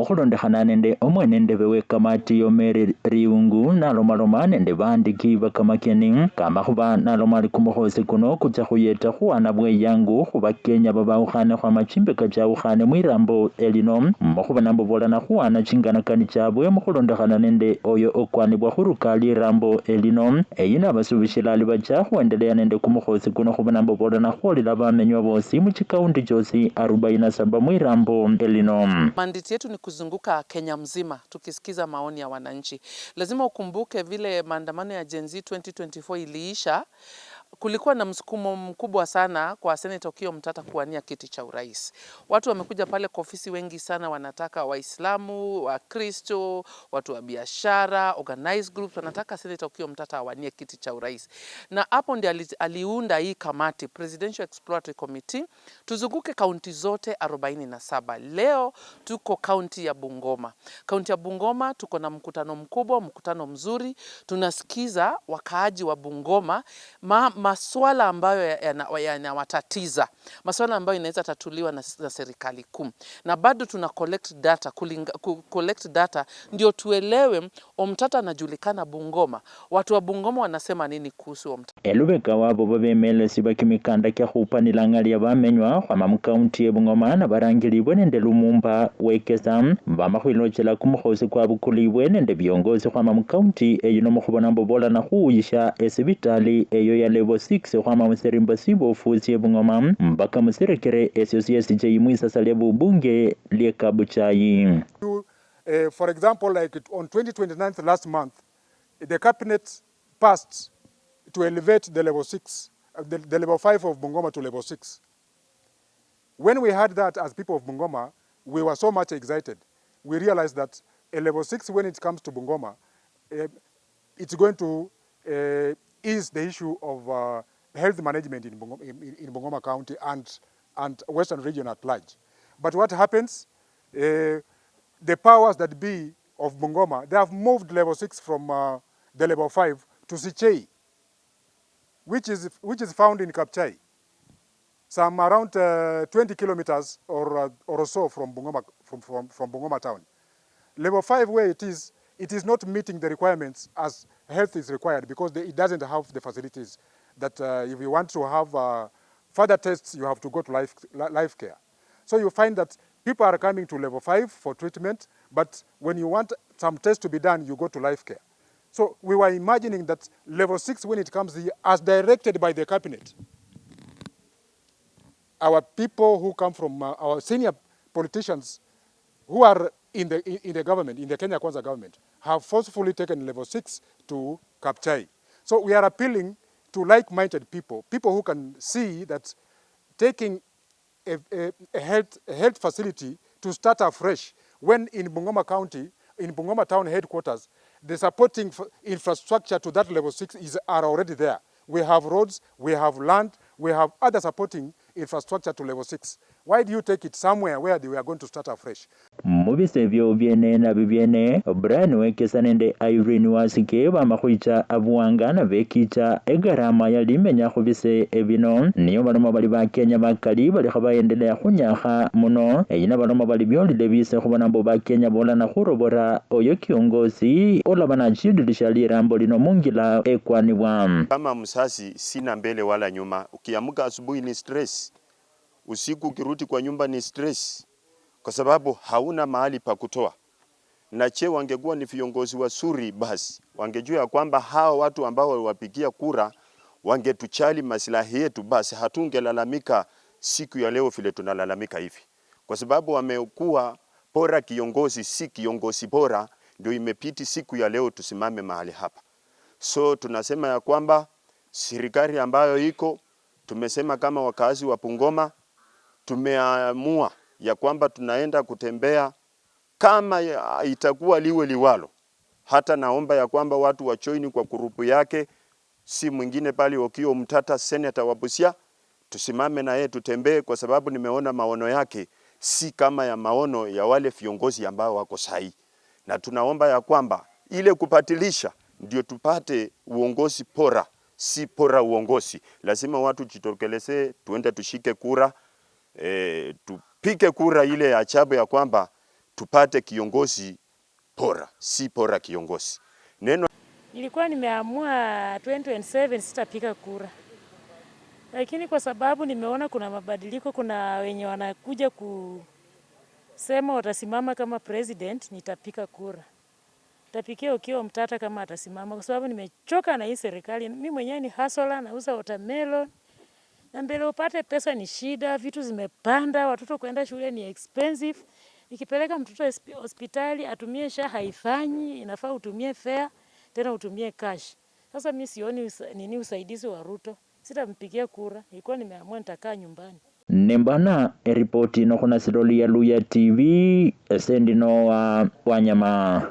mukhulondekhana nende omwenendebe we kamati yomeri riungu nalomaloma nende baandiki bakamakeni kama khuba nalomali kumukhosi kuno kutsa khuyeta khuwana bweyangu khubakenya babawukhanekho amachimbeka chawukhane mwirambo elino mukhuba nambo bolana khuwana chinganakani chabwe mukhulondekhana nende oyo okwanibwa khuruka lirambo elino eyina abasubishila ali bacha khuendelea nende kumukhosi kuno khuba nambo bolana khwolela bamenywa bosi muchikaundi chosi 47 mwirambo elino manditsi yetu ni kuzunguka Kenya mzima tukisikiza maoni ya wananchi. Lazima ukumbuke vile maandamano ya Gen Z 2024 iliisha kulikuwa na msukumo mkubwa sana kwa Senator Okiya mtata kuwania kiti cha urais. Watu wamekuja pale kwa ofisi wengi sana, wanataka Waislamu, Wakristo, watu wa biashara, organized groups wanataka Senator Okiya Omtata awanie kiti cha urais, na hapo ndi aliunda hii kamati Presidential Exploratory Committee, tuzunguke kaunti zote 47. Leo tuko kaunti ya Bungoma. Kaunti ya Bungoma tuko na mkutano mkubwa, mkutano mzuri, tunasikiza wakaaji wa Bungoma ma, ma, masuala ambayo yanawatatiza, masuala ambayo inaweza tatuliwa na, na serikali kuu, na bado tuna collect data, kulinga, collect data ndio tuelewe Omtata anajulikana Bungoma, watu wa Bungoma wanasema nini kuhusu Omtata. elubeka wabo babemelesi bakimikanda kya khupanilanga lya bamenywa khwama mukaunti ya Bungoma na barangilibwe nende lumumba wekesa bama khwilochela kumukhosi kwabukulibwe nende biongozi khwama mukaunti eyino mukhubona mbobola bolana khuyisha esibitali eyo yalebo 6 khwama mserimba ofusi ebung'oma mpaka musirekere esyo syesi jeimuisasa lya bubunge lyekabu chayi Uh, eh, for example, like on 2029 last month, the cabinet passed to elevate the level six, uh, the, the, level five of Bungoma to level six. When we heard that as people of Bungoma, we were so much excited. We realized that a level six, when it comes to Bungoma, uh, it's going to eh, is the issue of uh, health management in Bungoma, in, Bungoma County and, and Western region at large. But what happens, uh, the powers that be of Bungoma, they have moved level 6 from uh, the level 5 to Sichei, which is, which is found in Kapchai, some around uh, 20 kilometers or, uh, or so from Bungoma, from, from, from Bungoma town. Level 5 where it is, it is not meeting the requirements as health is required because it doesn't have the facilities that uh, if you want to have uh, further tests, you have to go to life, life care. So you find that people are coming to level five for treatment, but when you want some tests to be done, you go to life care. So we were imagining that level six, when it comes here, as directed by the cabinet, our people who come from uh, our senior politicians who are in the, in, the government, in the Kenya Kwanza government, have forcefully taken level six to Kapchai. So we are appealing to like-minded people, people who can see that taking a, a, a, health, a health facility to start afresh when in Bungoma County, in Bungoma Town headquarters, the supporting infrastructure to that level six is, are already there. We have roads, we have land, we have other supporting infrastructure to level 6 why do you take it somewhere where they were going to start afresh mu bise byobyene nabyo byene brian wekesane nde irene wasike bama khwicha abuwangana bekicha egarama yalimenya khu bise ebino niyo balomo bali bakenya bakali balikho bayendelea khunyakha muno eyina balomo bali byolile bise khubona mbo bakenya bolana khurobora oyo kiongozi olaba nachidulisha lirambo lino mungila ekwanibwa kama musasi sina mbele wala nyuma ukiamuka asubuhi ni stress Usiku ukirudi kwa nyumba ni stress, kwa sababu hauna mahali pa kutoa. Na che wangekuwa ni viongozi wazuri, basi wangejua kwamba hao watu ambao waliwapigia kura wangetuchali maslahi yetu, basi hatungelalamika siku ya leo vile tunalalamika hivi, kwa sababu wamekuwa bora kiongozi, si kiongozi bora ndio imepiti siku ya leo tusimame mahali hapa. So tunasema ya kwamba serikali ambayo iko tumesema kama wakazi wa Bungoma tumeamua ya kwamba tunaenda kutembea kama itakuwa liwe liwalo. Hata naomba ya kwamba watu wajoini kwa grupu yake, si mwingine pale Okiya mtata seneta wa Busia. Tusimame na yeye tutembee, kwa sababu nimeona maono yake si kama ya maono ya wale viongozi ambao wako sahi, na tunaomba ya kwamba ile kupatilisha ndio tupate uongozi pora, si pora uongozi. Lazima watu jitokelezee, tuende tushike kura e, eh, tupike kura ile ya chabu ya kwamba tupate kiongozi pora si pora kiongozi. Neno nilikuwa nimeamua 2027 sitapika kura, lakini kwa sababu nimeona kuna mabadiliko, kuna wenye wanakuja kusema watasimama kama president, nitapika kura tapikia ukiwa mtata kama atasimama, kwa sababu nimechoka na hii serikali. Mimi mwenyewe ni hasola, nauza watermelon na mbele upate pesa ni shida, vitu zimepanda, watoto kwenda shule ni expensive. Ikipeleka mtoto hospitali atumie sha haifanyi, inafaa utumie fare tena utumie cash. Sasa mimi sioni nini usaidizi wa Ruto, sitampigia kura, ilikuwa nimeamua nitakaa nyumbani. Nimbana ripoti ino silolia ya Luya TV esendino wa wanyama